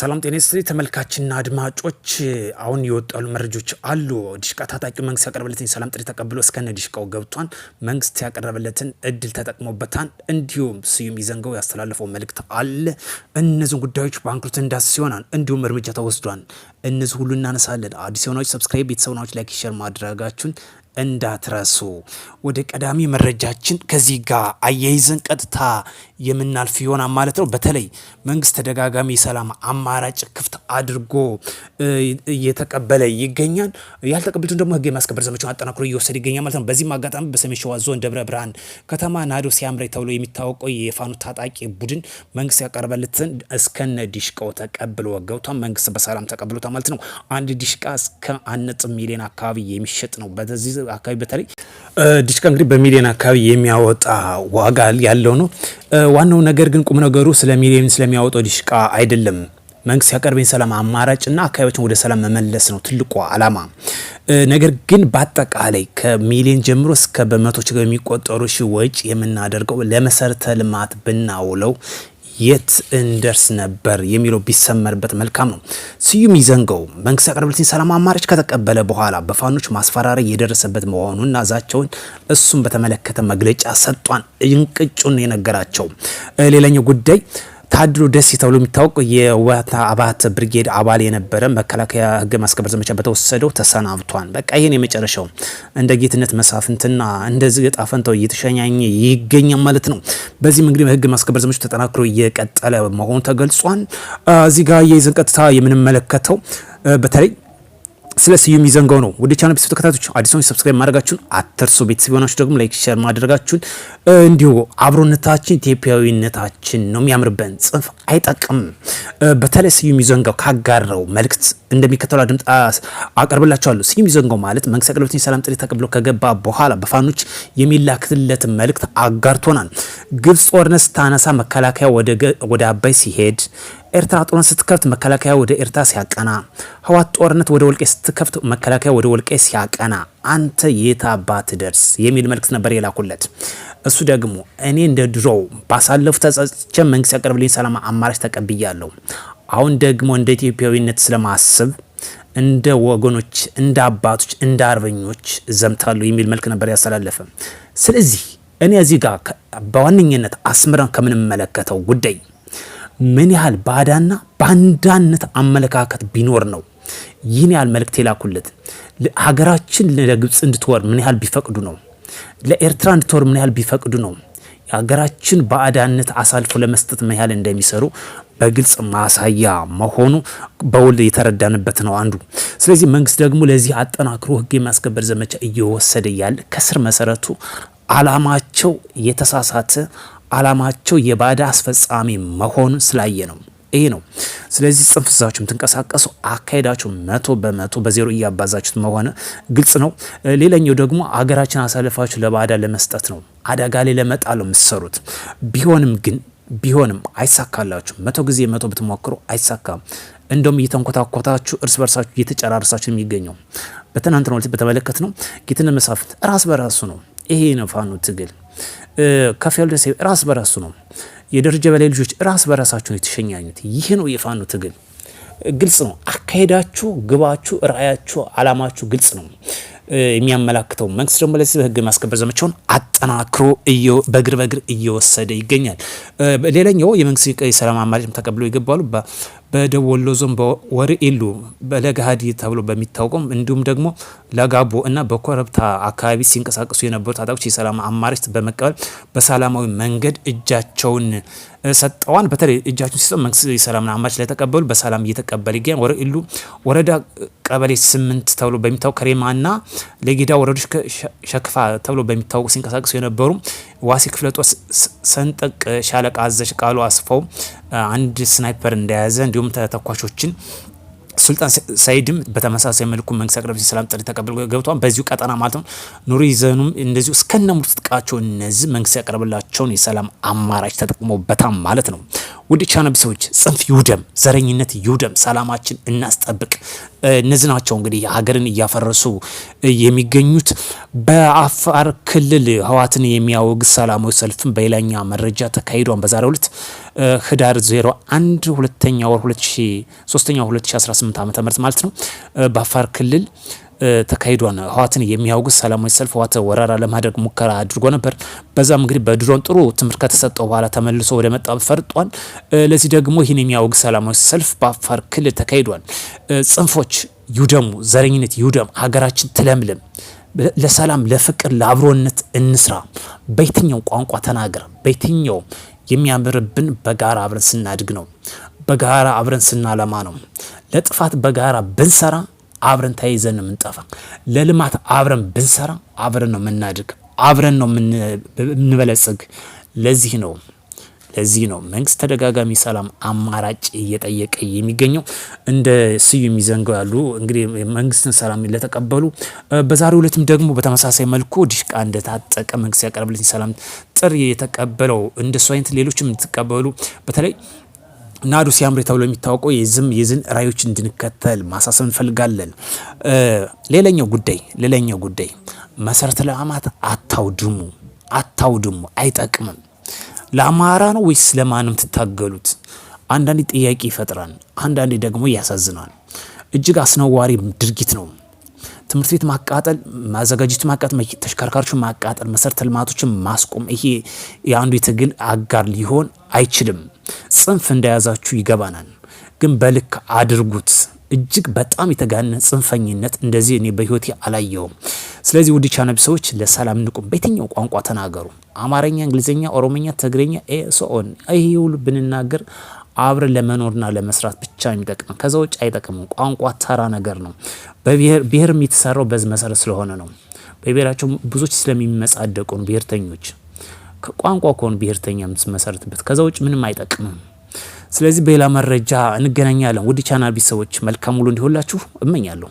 ሰላም ጤና ስትሪ ተመልካችና አድማጮች፣ አሁን የወጡ ያሉ መረጃዎች አሉ። ዲሽቃ ታጣቂው መንግስት ያቀረበለትን ሰላም ጥሪ ተቀብሎ እስከነ ዲሽቃው ገብቷል። መንግስት ያቀረበለትን እድል ተጠቅሞበታል። እንዲሁም ስዩም ይዘንገው ያስተላለፈው መልእክት አለ። እነዚህን ጉዳዮች በአንክሮት እንዳስ ሲሆናል፣ እንዲሁም እርምጃ ተወስዷል። እነዚህ ሁሉ እናነሳለን። አዲስ የሆናዎች ሰብስክራይብ፣ ቤተሰብናዎች ናዎች፣ ላይክ፣ ሼር ማድረጋችሁን እንዳትረሱ። ወደ ቀዳሚ መረጃችን ከዚህ ጋር አያይዘን ቀጥታ የምናልፍ ይሆናል ማለት ነው። በተለይ መንግስት ተደጋጋሚ የሰላም አማራጭ ክፍት አድርጎ እየተቀበለ ይገኛል። ያልተቀበሉትን ደግሞ ህግ የማስከበር ዘመቻውን አጠናክሮ እየወሰድ ይገኛል ማለት ነው። በዚህም አጋጣሚ በሰሜን ሸዋ ዞን ደብረ ብርሃን ከተማ ናዶ ሲያምሬ ተብሎ የሚታወቀው የፋኑ ታጣቂ ቡድን መንግስት ያቀረበለትን እስከነ ዲሽቃው ተቀብሎ ገብቷል። መንግስት በሰላም ተቀብሎታል ማለት ነው። አንድ ዲሽቃ እስከ አነጽ ሚሊዮን አካባቢ የሚሸጥ ነው። በዚህ አካባቢ በተለይ ዲሽቃ እንግዲህ በሚሊዮን አካባቢ የሚያወጣ ዋጋ ያለው ነው። ዋናው ነገር ግን ቁም ነገሩ ስለ ሚሊዮን ስለሚያወጣው ዲሽቃ አይደለም። መንግስት ያቀርበኝ ሰላም አማራጭና አካባቢዎችን ወደ ሰላም መመለስ ነው ትልቁ አላማ። ነገር ግን በአጠቃላይ ከሚሊዮን ጀምሮ እስከ በመቶች የሚቆጠሩ ሺ ወጪ የምናደርገው ለመሰረተ ልማት ብናውለው የት እንደርስ ነበር የሚለው ቢሰመርበት መልካም ነው። ስዩም ይዘንገው መንግስት ያቀረበለትን ሰላም አማራጭ ከተቀበለ በኋላ በፋኖች ማስፈራሪያ የደረሰበት መሆኑና ዛቸውን እሱን በተመለከተ መግለጫ ሰጧን እንቅጩን የነገራቸው ሌላኛው ጉዳይ ታድሎ ደሴ ተብሎ የሚታወቅ የወታ አባት ብርጌድ አባል የነበረ መከላከያ ህገ ማስከበር ዘመቻ በተወሰደው ተሰናብቷል። በቃ ይህን የመጨረሻው እንደ ጌትነት መሳፍንትና እንደዚህ እጣ ፈንታው እየተሸኛኘ ይገኛል ማለት ነው። በዚህም እንግዲህ ህግ ማስከበር ዘመቻ ተጠናክሮ እየቀጠለ መሆኑ ተገልጿል። እዚህ ጋር የይዘን ቀጥታ የምንመለከተው በተለይ ስለ ስዩም የሚዘንገው ነው። ወደ ቻናል ቤት ተከታታዮች አዲሶች ሰብስክራይብ ማድረጋችሁን አትርሱ። ቤተሰብ የሆናችሁ ደግሞ ላይክ፣ ሼር ማድረጋችሁን እንዲሁ አብሮነታችን ኢትዮጵያዊነታችን ነው የሚያምርበን። ጽንፍ አይጠቅም። በተለይ ስዩም ይዘንጋው ካጋረው መልእክት እንደሚከተሉ አድምጣ አቀርብላችኋለሁ። ስዩም ይዘንጋው ማለት መንግስት ቀለበት የሰላም ጥሪ ተቀብሎ ከገባ በኋላ በፋኖች የሚላክትለት መልእክት አጋርቶናል። ግብጽ ጦርነት ስታነሳ መከላከያ ወደ አባይ ሲሄድ ኤርትራ ጦርነት ስትከፍት መከላከያ ወደ ኤርትራ ሲያቀና፣ ህወሓት ጦርነት ወደ ወልቄ ስትከፍት መከላከያ ወደ ወልቄ ሲያቀና፣ አንተ የታባት ደርስ የሚል መልክት ነበር የላኩለት። እሱ ደግሞ እኔ እንደ ድሮው ባሳለፉ ተጸጽቼ መንግስት ያቀርብልኝ ሰላም አማራጭ ተቀብያለሁ። አሁን ደግሞ እንደ ኢትዮጵያዊነት ስለማስብ እንደ ወገኖች፣ እንደ አባቶች፣ እንደ አርበኞች ዘምታለሁ የሚል መልክ ነበር ያስተላለፈ። ስለዚህ እኔ እዚህ ጋር በዋነኝነት አስምረን ከምንመለከተው ጉዳይ ምን ያህል ባዳና ባንዳነት አመለካከት ቢኖር ነው ይህን ያህል መልእክት የላኩለት? ሀገራችን ለግብፅ እንድትወር ምን ያህል ቢፈቅዱ ነው? ለኤርትራ እንድትወር ምን ያህል ቢፈቅዱ ነው? የሀገራችን ባዕዳነት አሳልፎ ለመስጠት ምን ያህል እንደሚሰሩ በግልጽ ማሳያ መሆኑ በውል የተረዳንበት ነው አንዱ። ስለዚህ መንግስት ደግሞ ለዚህ አጠናክሮ ህግ የማስከበር ዘመቻ እየወሰደ ያለ ከስር መሰረቱ አላማቸው የተሳሳተ አላማቸው የባዳ አስፈጻሚ መሆን ስላየ ነው። ይሄ ነው። ስለዚህ ጽንፍ ይዛችሁ የምትንቀሳቀሱ አካሄዳችሁ መቶ በመቶ በዜሮ እያባዛችሁት መሆነ ግልጽ ነው። ሌላኛው ደግሞ አገራችን አሳልፋችሁ ለባዳ ለመስጠት ነው፣ አደጋ ላይ ለመጣል ነው የምትሰሩት። ቢሆንም ግን ቢሆንም አይሳካላችሁ። መቶ ጊዜ መቶ ብትሞክሩ አይሳካም። እንደውም እየተንኮታኮታችሁ እርስ በርሳችሁ እየተጨራርሳችሁ የሚገኘው በትናንትናው ዕለት በተመለከት ነው። ጌትነት መሳፍንት ራስ በራሱ ነው። ይሄ ነው ፋኖ ትግል። ከፊያሉ ደሴ ራስ በራሱ ነው። የደረጃ በላይ ልጆች ራስ በራሳቸው የተሸኛኙት። ይህ ነው የፋኖ ትግል። ግልጽ ነው አካሄዳችሁ፣ ግባችሁ፣ ራያችሁ አላማችሁ ግልጽ ነው የሚያመላክተው መንግስት ደግሞ ለዚህ በህግ ማስከበር ዘመቻውን አጠናክሮ በእግር በእግር እየወሰደ ይገኛል። ሌላኛው የመንግስት የሰላም አማራጭም ተቀብሎ ይገባሉ። በደቡብ ወሎ ዞን በወርኢሉ በለጋሃዲ ተብሎ በሚታወቀው እንዲሁም ደግሞ ለጋቦ እና በኮረብታ አካባቢ ሲንቀሳቀሱ የነበሩ ታጣቂዎች የሰላም አማራጭ በመቀበል በሰላማዊ መንገድ እጃቸውን ሰጠዋን። በተለይ እጃቸውን ሲሰጥ መንግስት የሰላምን አማራጭ ለተቀበሉ በሰላም እየተቀበለ ይገኛል። ወርኢሉ ወረዳ ቀበሌ ስምንት ተብሎ በሚታወቅ ከሬማና ለጌዳ ወረዶች ሸክፋ ተብሎ በሚታወቁ ሲንቀሳቀሱ የነበሩ ዋሲ ክፍለጦስ ሰንጠቅ ሻለቃ አዘሽ ቃሉ አስፋው አንድ ስናይፐር እንደያዘ እንዲሁም ተተኳሾችን ሱልጣን ሰይድም በተመሳሳይ መልኩ መንግስት አቅረብ ሰላም ጥሪ ተቀብሎ ገብቷል። በዚሁ ቀጠና ማለት ነው። ኑር ይዘኑም እንደዚሁ እስከነ ሙሉ ትጥቃቸው እነዚህ መንግስት ያቀረበላቸውን የሰላም አማራጭ ተጠቅሞበታም ማለት ነው። ውድ ቻናብ ሰዎች ጽንፍ ይውደም፣ ዘረኝነት ይውደም፣ ሰላማችን እናስጠብቅ። እነዚህ ናቸው እንግዲህ ሀገርን እያፈረሱ የሚገኙት። በአፋር ክልል ህዋትን የሚያወግ ሰላማዊ ሰልፍን በሌላኛ መረጃ ተካሂዷን በዛሬው ዕለት ህዳር 01 ሁለተኛ ወር 2 2018 ዓ ም ማለት ነው በአፋር ክልል ተካሂዷን ህዋትን የሚያወግዝ ሰላማዊ ሰልፍ ህዋት ወረራ ለማድረግ ሙከራ አድርጎ ነበር። በዛም እንግዲህ በድሮን ጥሩ ትምህርት ከተሰጠው በኋላ ተመልሶ ወደ መጣ ፈርጧል። ለዚህ ደግሞ ይህን የሚያውግ ሰላማዊ ሰልፍ በአፋር ክልል ተካሂዷል። ጽንፎች ይውደሙ፣ ዘረኝነት ይውደም፣ ሀገራችን ትለምልም ለሰላም ለፍቅር ለአብሮነት እንስራ። በየትኛው ቋንቋ ተናገር፣ በየትኛው የሚያምርብን በጋራ አብረን ስናድግ ነው። በጋራ አብረን ስናለማ ነው። ለጥፋት በጋራ ብንሰራ አብረን ተያይዘን ነው የምንጠፋ። ለልማት አብረን ብንሰራ አብረን ነው የምናድግ፣ አብረን ነው የምንበለጽግ። ለዚህ ነው ለዚህ ነው መንግስት ተደጋጋሚ ሰላም አማራጭ እየጠየቀ የሚገኘው። እንደ ስዩ የሚዘንገው ያሉ እንግዲህ መንግስትን ሰላም ለተቀበሉ በዛሬው ዕለትም ደግሞ በተመሳሳይ መልኩ ዲሽቃ እንደታጠቀ መንግስት ያቀረበለትን ሰላም ጥሪ የተቀበለው እንደሱ አይነት ሌሎችም የምትቀበሉ በተለይ ናዱ አምሬ ተብሎ የሚታወቀው የዝም የዝን ራዮች እንድንከተል ማሳሰብ እንፈልጋለን። ሌላኛው ጉዳይ ሌላኛው ጉዳይ መሰረተ ልማት አታውድሙ፣ አታውድሙ፣ አይጠቅምም። ለአማራ ነው ወይስ ለማንም ትታገሉት? አንዳንዴ ጥያቄ ይፈጥራል፣ አንዳንዴ ደግሞ ያሳዝናል። እጅግ አስነዋሪ ድርጊት ነው። ትምህርት ቤት ማቃጠል፣ ማዘጋጀት ማቃጠል፣ ተሽከርካሪዎችን ማቃጠል፣ መሰረተ ልማቶችን ማስቆም ይሄ የአንዱ የትግል አጋር ሊሆን አይችልም። ጽንፍ እንደያዛችሁ ይገባናል፣ ግን በልክ አድርጉት። እጅግ በጣም የተጋነ ጽንፈኝነት እንደዚህ እኔ በህይወቴ አላየውም። ስለዚህ ውድ ቻናል ሰዎች ለሰላም ንቁም። በየትኛው ቋንቋ ተናገሩ፣ አማርኛ፣ እንግሊዝኛ፣ ኦሮምኛ፣ ትግርኛ፣ ኤሶኦን ይህ ሁሉ ብንናገር አብረን ለመኖርና ለመስራት ብቻ የሚጠቅም ከዛ ውጭ አይጠቅምም። ቋንቋ ተራ ነገር ነው። ብሔር የሚተሰራው በዚ መሰረት ስለሆነ ነው። በብሔራቸው ብዙዎች ስለሚመጻደቁ ነው። ብሔርተኞች ቋንቋ ከሆኑ ብሔርተኛ የምትመሰረትበት ከዛ ውጭ ምንም አይጠቅምም። ስለዚህ በሌላ መረጃ እንገናኛለን። ውድ ቻናል ቤተሰቦች መልካም ውሎ እንዲሆንላችሁ እመኛለሁ።